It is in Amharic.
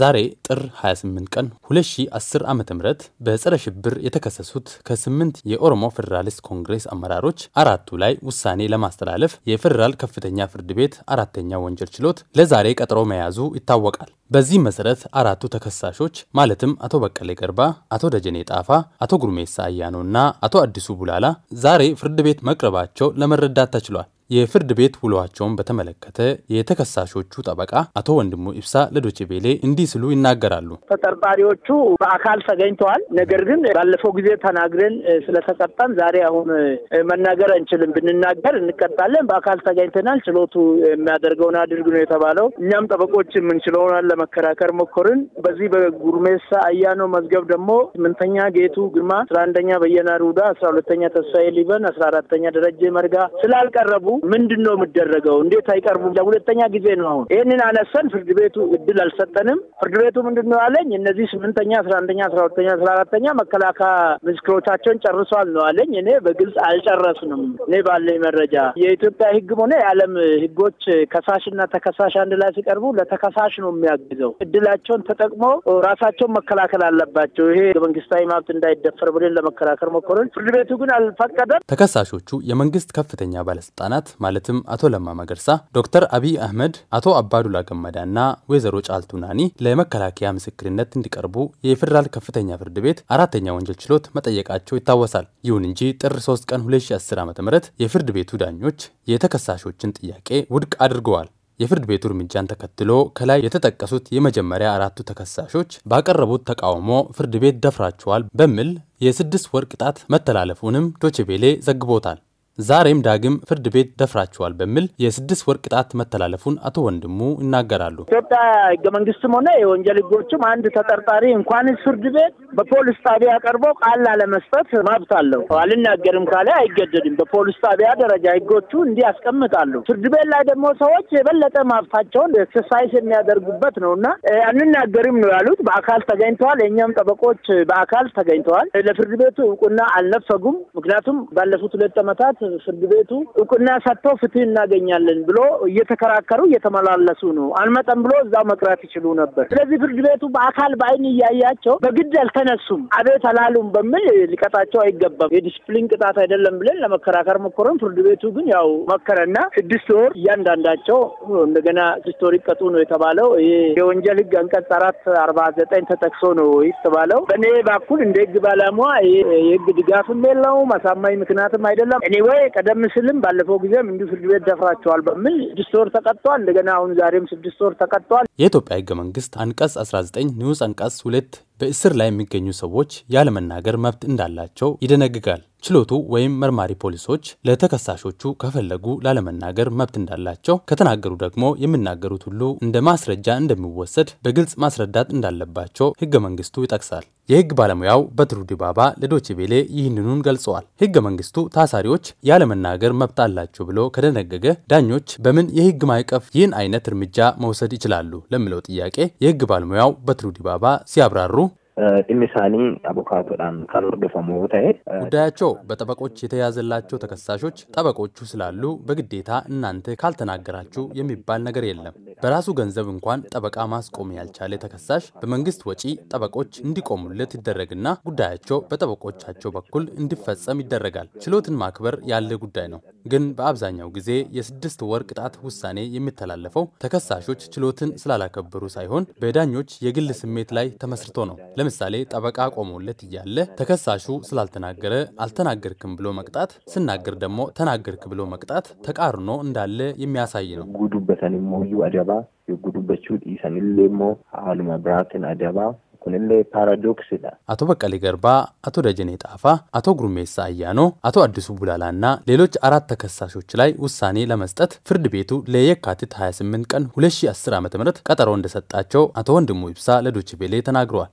ዛሬ ጥር 28 ቀን 2010 ዓ ም በጸረ ሽብር የተከሰሱት ከስምንት የኦሮሞ ፌዴራሊስት ኮንግሬስ አመራሮች አራቱ ላይ ውሳኔ ለማስተላለፍ የፌዴራል ከፍተኛ ፍርድ ቤት አራተኛ ወንጀል ችሎት ለዛሬ ቀጠሮ መያዙ ይታወቃል። በዚህ መሰረት አራቱ ተከሳሾች ማለትም አቶ በቀሌ ገርባ፣ አቶ ደጀኔ ጣፋ፣ አቶ ጉርሜሳ አያኖ እና አቶ አዲሱ ቡላላ ዛሬ ፍርድ ቤት መቅረባቸው ለመረዳት ተችሏል። የፍርድ ቤት ውሏቸውን በተመለከተ የተከሳሾቹ ጠበቃ አቶ ወንድሙ ኢብሳ ለዶቼ ቤሌ እንዲህ ስሉ ይናገራሉ። ተጠርጣሪዎቹ በአካል ተገኝተዋል። ነገር ግን ባለፈው ጊዜ ተናግረን ስለተቀጣን ዛሬ አሁን መናገር አንችልም። ብንናገር እንቀጣለን። በአካል ተገኝተናል። ችሎቱ የሚያደርገውን አድርግ ነው የተባለው። እኛም ጠበቆች የምንችለውን ለመከራከር ሞከርን። በዚህ በጉርሜሳ አያኖ መዝገብ ደግሞ ስምንተኛ ጌቱ ግርማ፣ አስራ አንደኛ በየነ ሩዳ፣ አስራ ሁለተኛ ተስፋዬ ሊበን፣ አስራ አራተኛ ደረጀ መርጋ ስላልቀረቡ ምንድን ነው የሚደረገው? እንዴት አይቀርቡም? ሁለተኛ ጊዜ ነው አሁን ይህንን አነሰን። ፍርድ ቤቱ እድል አልሰጠንም። ፍርድ ቤቱ ምንድን ነው አለኝ፣ እነዚህ ስምንተኛ፣ አስራ አንደኛ፣ አስራ ሁለተኛ፣ አስራ አራተኛ መከላከያ ምስክሮቻቸውን ጨርሷል ነው አለኝ። እኔ በግልጽ አልጨረስንም። እኔ ባለኝ መረጃ የኢትዮጵያ ህግም ሆነ የዓለም ህጎች ከሳሽና ተከሳሽ አንድ ላይ ሲቀርቡ ለተከሳሽ ነው የሚያግዘው። እድላቸውን ተጠቅሞ ራሳቸውን መከላከል አለባቸው። ይሄ መንግስታዊ መብት እንዳይደፈር ብለን ለመከላከል ሞከረን። ፍርድ ቤቱ ግን አልፈቀደም። ተከሳሾቹ የመንግስት ከፍተኛ ባለስልጣናት አባላት ማለትም አቶ ለማ መገርሳ፣ ዶክተር አብይ አህመድ፣ አቶ አባዱላ ገመዳ እና ወይዘሮ ጫልቱ ናኒ ለመከላከያ ምስክርነት እንዲቀርቡ የፌዴራል ከፍተኛ ፍርድ ቤት አራተኛ ወንጀል ችሎት መጠየቃቸው ይታወሳል። ይሁን እንጂ ጥር 3 ቀን 2010 ዓ ም የፍርድ ቤቱ ዳኞች የተከሳሾችን ጥያቄ ውድቅ አድርገዋል። የፍርድ ቤቱ እርምጃን ተከትሎ ከላይ የተጠቀሱት የመጀመሪያ አራቱ ተከሳሾች ባቀረቡት ተቃውሞ ፍርድ ቤት ደፍራቸዋል በሚል የስድስት ወር ቅጣት መተላለፉንም ዶችቤሌ ዘግቦታል። ዛሬም ዳግም ፍርድ ቤት ደፍራቸዋል በሚል የስድስት ወር ቅጣት መተላለፉን አቶ ወንድሙ ይናገራሉ። ኢትዮጵያ ህገ መንግስትም ሆነ የወንጀል ህጎችም አንድ ተጠርጣሪ እንኳንስ ፍርድ ቤት በፖሊስ ጣቢያ ቀርቦ ቃል ላለመስጠት መብት አለው። አልናገርም ካለ አይገደድም። በፖሊስ ጣቢያ ደረጃ ህጎቹ እንዲህ ያስቀምጣሉ። ፍርድ ቤት ላይ ደግሞ ሰዎች የበለጠ መብታቸውን ኤክሰርሳይዝ የሚያደርጉበት ነው እና አንናገርም ነው ያሉት። በአካል ተገኝተዋል። የእኛም ጠበቆች በአካል ተገኝተዋል። ለፍርድ ቤቱ እውቅና አልነፈጉም። ምክንያቱም ባለፉት ሁለት ዓመታት ፍርድ ቤቱ እውቅና ሰጥቶ ፍትህ እናገኛለን ብሎ እየተከራከሩ እየተመላለሱ ነው። አንመጠን ብሎ እዛው መቅረት ይችሉ ነበር። ስለዚህ ፍርድ ቤቱ በአካል በአይን እያያቸው በግድ አልተነሱም፣ አቤት አላሉም በሚል ሊቀጣቸው አይገባም። የዲስፕሊን ቅጣት አይደለም ብለን ለመከራከር ሞክረን ፍርድ ቤቱ ግን ያው መከረና ስድስት ወር እያንዳንዳቸው እንደገና ስድስት ወር ይቀጡ ነው የተባለው። ይሄ የወንጀል ህግ አንቀጽ አራት አርባ ዘጠኝ ተጠቅሶ ነው የተባለው። በእኔ በኩል እንደ ህግ ባለሙያ የህግ ድጋፍም የለውም አሳማኝ ምክንያትም አይደለም እኔ ቪኦኤ ቀደም ሲልም ባለፈው ጊዜም እንዲሁ ፍርድ ቤት ደፍራቸዋል በሚል ስድስት ወር ተቀጥቷል። እንደገና አሁን ዛሬም ስድስት ወር ተቀጥቷል። የኢትዮጵያ ህገ መንግስት አንቀጽ አስራ ዘጠኝ ንዑስ አንቀጽ ሁለት በእስር ላይ የሚገኙ ሰዎች ያለመናገር መብት እንዳላቸው ይደነግጋል። ችሎቱ ወይም መርማሪ ፖሊሶች ለተከሳሾቹ ከፈለጉ ላለመናገር መብት እንዳላቸው ከተናገሩ ደግሞ የሚናገሩት ሁሉ እንደ ማስረጃ እንደሚወሰድ በግልጽ ማስረዳት እንዳለባቸው ህገ መንግስቱ ይጠቅሳል። የህግ ባለሙያው በትሩ ዲባባ ለዶችቤሌ ይህንኑን ገልጸዋል። ህገ መንግስቱ ታሳሪዎች ያለመናገር መብት አላቸው ብሎ ከደነገገ ዳኞች በምን የህግ ማዕቀፍ ይህን አይነት እርምጃ መውሰድ ይችላሉ ለሚለው ጥያቄ የህግ ባለሙያው በትሩ ዲባባ ሲያብራሩ dhimmi isaanii አቮካቶodhaan kan ጉዳያቸው በጠበቆች የተያዘላቸው ተከሳሾች ጠበቆቹ ስላሉ በግዴታ እናንተ ካልተናገራችሁ የሚባል ነገር የለም። በራሱ ገንዘብ እንኳን ጠበቃ ማስቆም ያልቻለ ተከሳሽ በመንግስት ወጪ ጠበቆች እንዲቆሙለት ይደረግና ጉዳያቸው በጠበቆቻቸው በኩል እንዲፈጸም ይደረጋል። ችሎትን ማክበር ያለ ጉዳይ ነው። ግን በአብዛኛው ጊዜ የስድስት ወር ቅጣት ውሳኔ የሚተላለፈው ተከሳሾች ችሎትን ስላላከበሩ ሳይሆን በዳኞች የግል ስሜት ላይ ተመስርቶ ነው። ለምሳሌ ጠበቃ ቆሞለት እያለ ተከሳሹ ስላልተናገረ አልተናገርክም ብሎ መቅጣት፣ ስናገር ደግሞ ተናገርክ ብሎ መቅጣት ተቃርኖ እንዳለ የሚያሳይ ነው። ጉዱበተን ሞዩ አደባ የጉዱበችው ጢሰንሌ ሞ አሉማ ብራትን አደባ ኩንሌ ፓራዶክስ አቶ በቀሌ ገርባ፣ አቶ ደጀኔ ጣፋ፣ አቶ ጉርሜሳ አያኖ፣ አቶ አዲሱ ቡላላ እና ሌሎች አራት ተከሳሾች ላይ ውሳኔ ለመስጠት ፍርድ ቤቱ ለየካቲት 28 ቀን 2010 ዓ ም ቀጠሮ እንደሰጣቸው አቶ ወንድሙ ይብሳ ለዶችቤሌ ተናግረዋል።